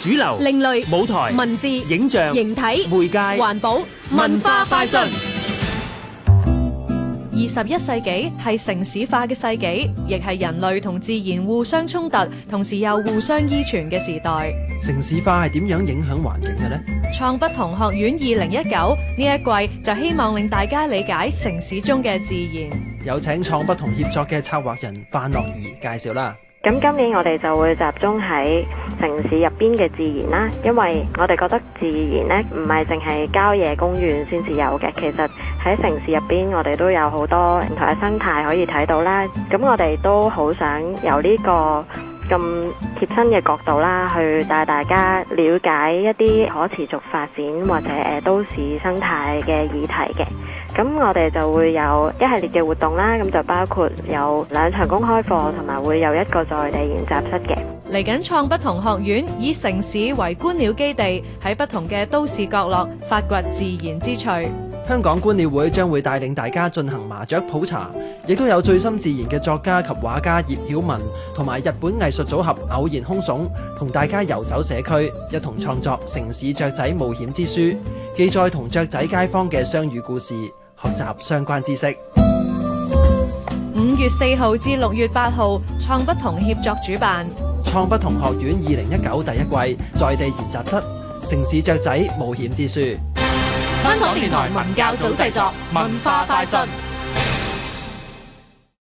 主流、另類、舞台、文字、影像、形體、媒介、環保、文化、快進。二十一世紀係城市化嘅世紀，亦係人類同自然互相衝突，同時又互相依存嘅時代。城市化係點樣影響環境嘅呢？創不同學院二零一九呢一季就希望令大家理解城市中嘅自然。有請創不同協作嘅策劃人范樂儀介紹啦。咁今年我哋就會集中喺城市入邊嘅自然啦，因為我哋覺得自然呢唔係淨係郊野公園先至有嘅，其實喺城市入邊我哋都有好多唔同嘅生態可以睇到啦。咁我哋都好想由呢個咁貼身嘅角度啦，去帶大家了解一啲可持續發展或者誒都市生態嘅議題嘅。咁我哋就會有一系列嘅活動啦，咁就包括有兩場公開課，同埋會有一個在地研習室嘅。嚟緊創不同學院以城市為觀鳥基地，喺不同嘅都市角落發掘自然之趣。香港觀鳥會將會帶領大家進行麻雀普查，亦都有醉心自然嘅作家及畫家葉曉文，同埋日本藝術組合偶然空聳，同大家遊走社區，一同創作《城市雀仔冒險之書》，記載同雀仔街坊嘅相遇故事。學習相關知識。五月四號至六月八號，創不同協作主辦。創不同學院二零一九第一季在地研習室，城市雀仔冒險之書。香港電台文教組製作，文化快訊。